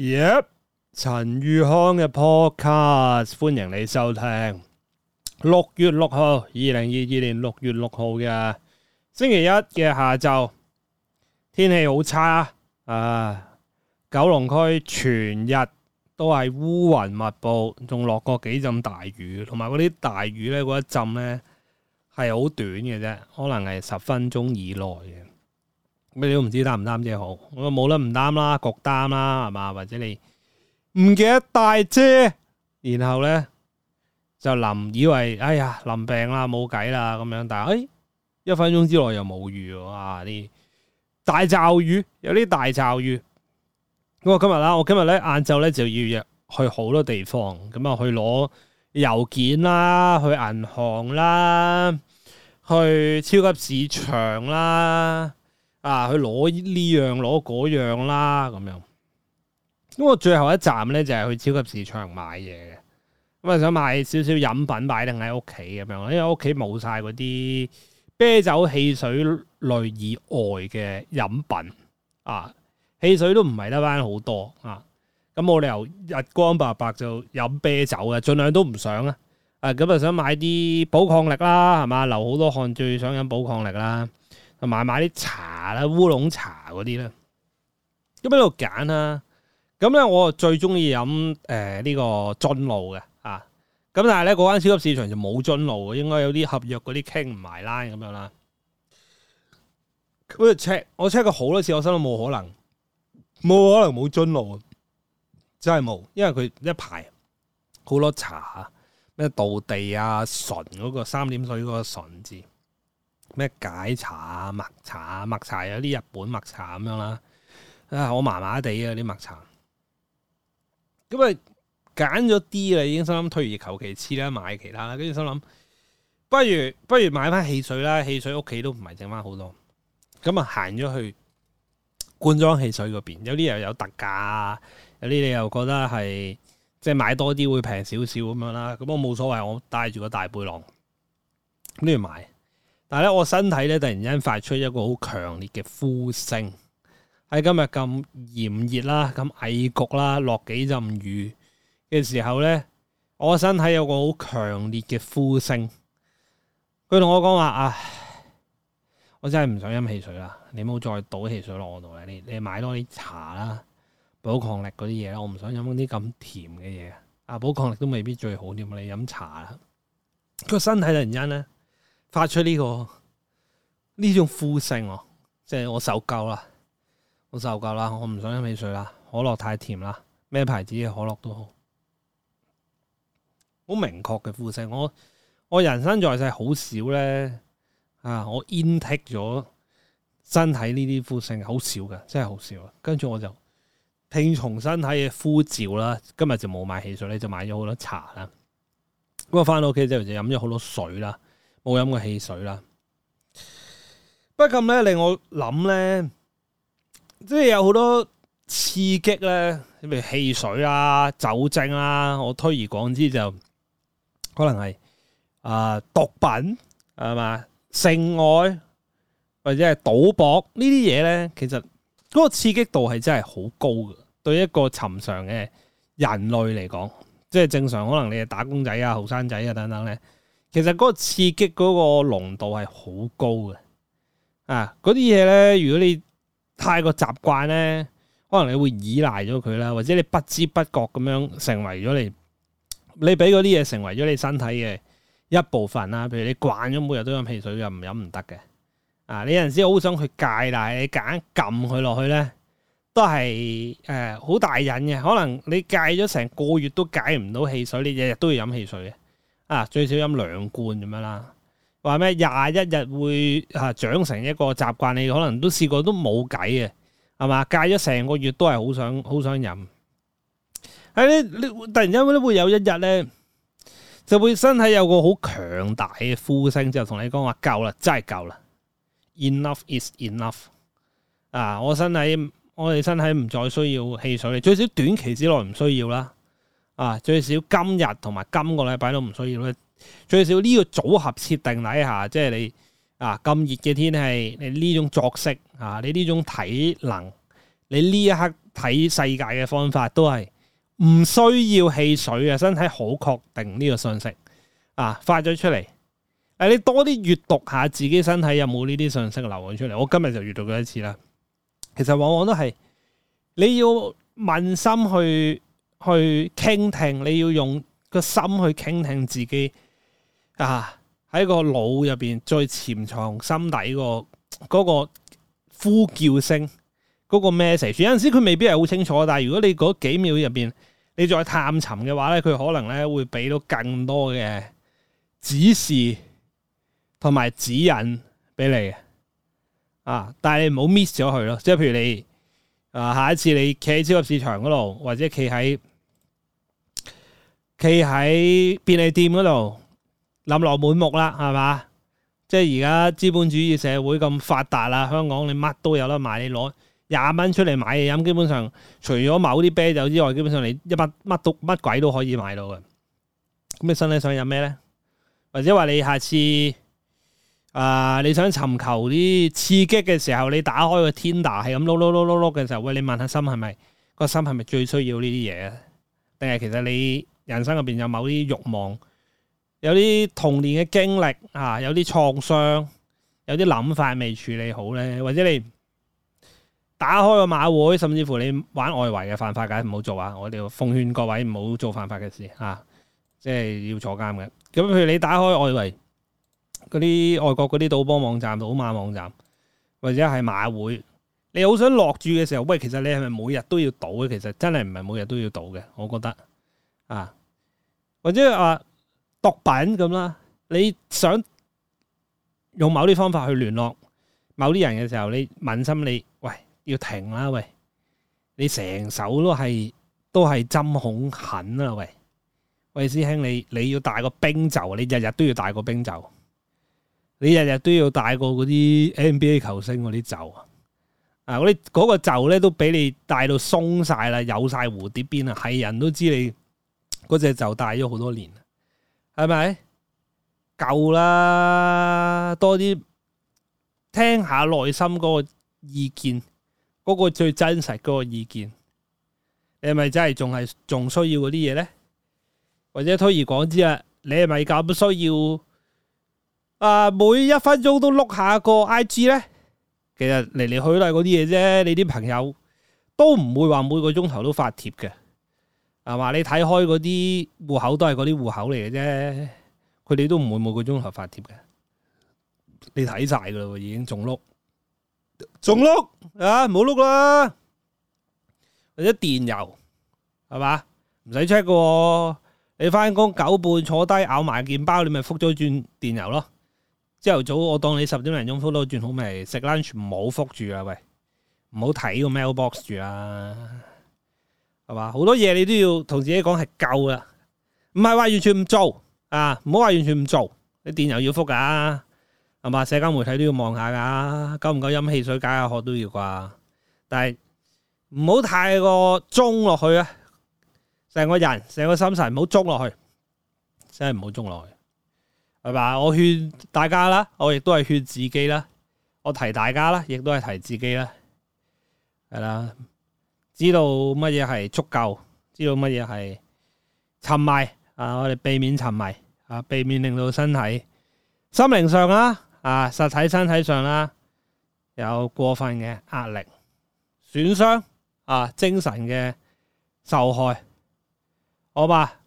Yep, 陳宇康嘅 Podcast，歡迎你收聽。六月六號，二零二二年六月六號嘅星期一嘅下晝，天氣好差啊！九龍區全日都係烏雲密佈，仲落過幾陣大雨，同埋嗰啲大雨咧，嗰一陣咧係好短嘅啫，可能係十分鐘以內嘅。咩都唔知擔唔擔遮好，我冇得唔擔啦，焗擔啦，係嘛？或者你唔記得帶遮，然後咧就淋，以為哎呀淋病啦，冇計啦咁樣，但係誒一分鐘之內又冇雨啊，啲大驟雨，有啲大驟雨。咁我今日啦，我今日咧晏晝咧就要約去好多地方，咁啊去攞郵件啦，去銀行啦，去超級市場啦。啊！去攞呢樣攞嗰樣啦，咁、這個、樣。咁我最後一站咧就係、是、去超級市場買嘢嘅。咁啊想買少少飲品，擺定喺屋企咁樣，因為屋企冇晒嗰啲啤酒、汽水類以外嘅飲品啊。汽水都唔係得翻好多啊。咁冇理由日光白白就飲啤酒嘅，盡量都唔想啊。啊咁啊想買啲補抗力啦，係嘛？流好多汗最想飲補抗力啦。買買啲茶啦，烏龍茶嗰啲啦，咁喺度揀啦。咁咧，我最中意飲誒呢個樽露嘅啊。咁但係咧，嗰間超級市場就冇樽露嘅，應該有啲合約嗰啲傾唔埋 line 咁樣啦。我 check，我 check 過好多次，我心諗冇可能，冇可能冇樽露，真係冇，因為佢一排好多茶，咩道地啊，純嗰個、三點水嗰個純字。咩解茶啊，麥茶啊，麥茶有啲日本麥茶咁樣啦。啊，我麻麻地啊啲麥茶。咁啊，揀咗啲啦，已經心諗退而求其次啦，買其他啦。跟住心諗，不如不如買翻汽水啦，汽水屋企都唔係剩翻好多咁啊，行咗去罐裝汽水嗰邊，有啲又有特價，有啲你又覺得係即係買多啲會平少少咁樣啦。咁我冇所謂，我帶住個大背囊，跟住買。但係咧，我身體咧突然間發出一個好強烈嘅呼聲。喺今日咁炎熱啦，咁翳焗啦，落幾陣雨嘅時候咧，我身體有個好強烈嘅呼聲。佢同我講話：，啊，我真係唔想飲汽水啦！你唔好再倒汽水落我度啦！你你買多啲茶啦，補抗力嗰啲嘢啦，我唔想飲嗰啲咁甜嘅嘢啊！補抗力都未必最好添，你飲茶啦。個身體突然間咧。發出呢個呢種呼聲喎，即係我受夠啦，我受夠啦，我唔想飲汽水啦，可樂太甜啦，咩牌子嘅可樂都好，好明確嘅呼聲。我我人生在世好少咧啊，我 intake 咗身體呢啲呼聲，好少嘅，真係好少。跟住我就聽從身體嘅呼召啦，今日就冇買汽水咧，就買咗好多茶啦。咁我翻到屋企之後就飲咗好多水啦。冇飲過汽水啦，不過咁咧令我諗咧，即係有好多刺激咧，譬如汽水啊、酒精啊，我推而廣之就可能係啊、呃、毒品係嘛，性愛或者係賭博呢啲嘢咧，其實嗰個刺激度係真係好高嘅，對一個尋常嘅人類嚟講，即係正常可能你係打工仔啊、後生仔啊等等咧。其實嗰個刺激嗰個濃度係好高嘅，啊，嗰啲嘢咧，如果你太過習慣咧，可能你會依賴咗佢啦，或者你不知不覺咁樣成為咗你，你俾嗰啲嘢成為咗你身體嘅一部分啦，啊。譬如你慣咗每日都飲汽水，又唔飲唔得嘅。啊，你有陣時好想硬硬去戒，但係你夾硬撳佢落去咧，都係誒好大癮嘅。可能你戒咗成個月都戒唔到汽水，你日日都要飲汽水嘅。啊，最少飲兩罐咁樣啦，話咩廿一日會啊長成一個習慣，你可能都試過都冇計嘅，係嘛？戒咗成個月都係好想好想飲，係、啊、你突然之間會有一日咧，就會身體有個好強大嘅呼聲之後，就同你講話夠啦，真係夠啦，Enough is enough 啊！我身體，我哋身體唔再需要汽水，最少短期之內唔需要啦。啊！最少今日同埋今個禮拜都唔需要啦。最少呢個組合設定底下，即係你啊咁熱嘅天氣，你呢種作息啊，你呢種體能，你呢一刻睇世界嘅方法都係唔需要汽水嘅，身體好確定呢個信息啊，發咗出嚟。誒、啊，你多啲閱讀下自己身體有冇呢啲信息流咗出嚟。我今日就閱讀咗一次啦。其實往往都係你要問心去。去傾聽，你要用個心去傾聽自己啊！喺個腦入邊，最潛藏心底個個呼叫聲，嗰個 message。有陣時佢未必係好清楚，但係如果你嗰幾秒入邊，你再探尋嘅話咧，佢可能咧會俾到更多嘅指示同埋指引俾你啊！但係你唔好 miss 咗佢咯，即係譬如你啊，下一次你企喺超級市場嗰度，或者企喺企喺便利店嗰度，琳琅滿目啦，係嘛？即係而家資本主義社會咁發達啦，香港你乜都有得買，你攞廿蚊出嚟買嘢飲，基本上除咗某啲啤酒之外，基本上你一乜乜都乜鬼都可以買到嘅。咁你身體上有咩咧？或者話你下次啊、呃，你想尋求啲刺激嘅時候，你打開個 Tinder 係咁碌碌碌碌碌嘅時候，喂，你問下心係咪個心係咪最需要呢啲嘢？定係其實你？人生入面有某啲慾望，有啲童年嘅經歷啊，有啲創傷，有啲諗法未處理好咧，或者你打開個馬會，甚至乎你玩外圍嘅犯法，梗係唔好做啊！我哋奉勸各位唔好做犯法嘅事啊，即係要坐監嘅。咁譬如你打開外圍嗰啲外國嗰啲賭波網站、賭馬網站，或者係馬會，你好想落注嘅時候，喂，其實你係咪每日都要賭嘅？其實真係唔係每日都要賭嘅，我覺得啊。或者啊，毒品咁啦，你想用某啲方法去聯絡某啲人嘅時候，你問心你，喂，要停啦喂，你成手都係都係針孔痕啊喂，喂，師兄，你你要帶個冰袖，你日日都要帶個冰袖，你日日都要帶個嗰啲 NBA 球星嗰啲袖啊，啊嗰啲個袖咧，都俾你帶到鬆晒啦，有晒蝴蝶邊啊，係人都知你。嗰、那、隻、個、就大咗好多年，係咪？夠啦，多啲聽下內心嗰個意見，嗰、那個最真實嗰個意見，你係咪真係仲係仲需要嗰啲嘢咧？或者推而廣之啊，你係咪咁需要啊？每一分鐘都碌下個 IG 咧？其實嚟嚟去去都係嗰啲嘢啫，你啲朋友都唔會話每個鐘頭都發帖嘅。係嘛？你睇開嗰啲戶口都係嗰啲戶口嚟嘅啫，佢哋都唔會每個鐘頭發帖嘅。你睇晒噶啦，已經仲碌，仲碌啊，冇碌啦，或者電郵係嘛，唔使 check 㗎。你翻工，九半坐低咬埋件包，你咪復咗轉電郵咯。朝頭早我當你十點零鐘復咗轉好未？食 lunch，唔好復住啊！喂，唔好睇個 mail box 住啊！係嘛？好多嘢你都要同自己講，係夠啦，唔係話完全唔做啊！唔好話完全唔做，你電郵要復噶啊，係嘛？社交媒體都要望下噶，夠唔夠飲汽水解下渴都要啩？但係唔好太過中落去啊！成個人成個心神唔好中落去，真係唔好中落去，係咪？我勸大家啦，我亦都係勸自己啦，我提大家啦，亦都係提自己啦，係啦。知道乜嘢係足夠，知道乜嘢係沉迷啊！我哋避免沉迷啊，避免令到身體、心靈上啦、啊、啊實體身體上啦、啊，有過分嘅壓力、損傷啊、精神嘅受害，好吧，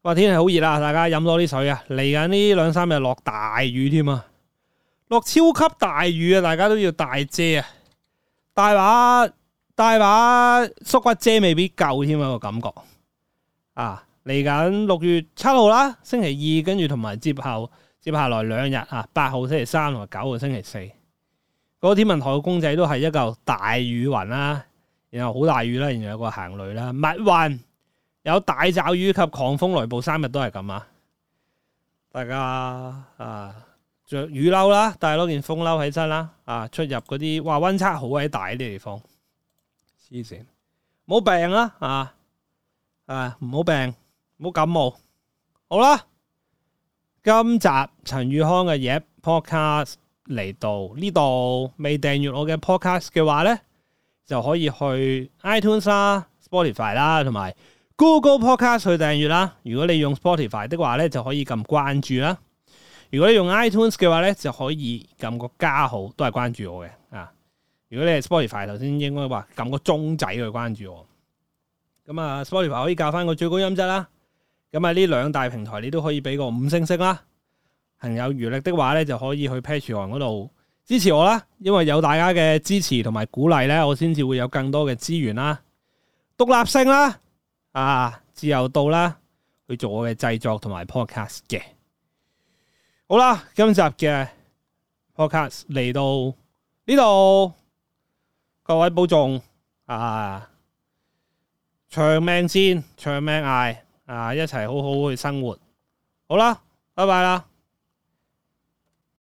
哇！天氣好熱啦，大家飲多啲水啊！嚟緊呢兩三日落大雨添啊，落超級大雨啊，大家都要大遮啊，大把。帶把縮骨遮未必夠添啊，個感覺啊！嚟緊六月七號啦，星期二，跟住同埋接後接下來兩日啊，八號星期三同埋九號星期四。嗰、那個、天文台個公仔都係一嚿大雨雲啦，然後好大雨啦，然後有個行雷啦，密雲有大驟雨及狂風雷暴，三日都係咁啊！大家啊，着雨褸啦，帶多件風褸起身啦，啊，出入嗰啲哇，溫差好鬼大啲地方。以前，唔好病啦，啊，唔、啊、唔好病，唔好感冒，好啦。今集陳宇康嘅嘢 podcast 嚟到呢度，未訂閱我嘅 podcast 嘅話咧，就可以去 iTunes 啦、Spotify 啦，同埋 Google Podcast 去訂閱啦。如果你用 Spotify 的話咧，就可以撳關注啦；如果你用 iTunes 嘅話咧，就可以撳個加號，都係關注我嘅。如果你係 Spotify，頭先應該話撳個鐘仔去關注我。咁啊，Spotify 可以教翻個最高音質啦。咁啊，呢兩大平台你都可以俾個五星星啦。行有餘力的話咧，就可以去 Patreon 嗰度支持我啦。因為有大家嘅支持同埋鼓勵咧，我先至會有更多嘅資源啦、獨立性啦、啊自由度啦，去做我嘅製作同埋 Podcast 嘅。好啦，今集嘅 Podcast 嚟到呢度。各位保重啊！長命先，長命嗌啊！一齊好，好好去生活，好啦，拜拜啦！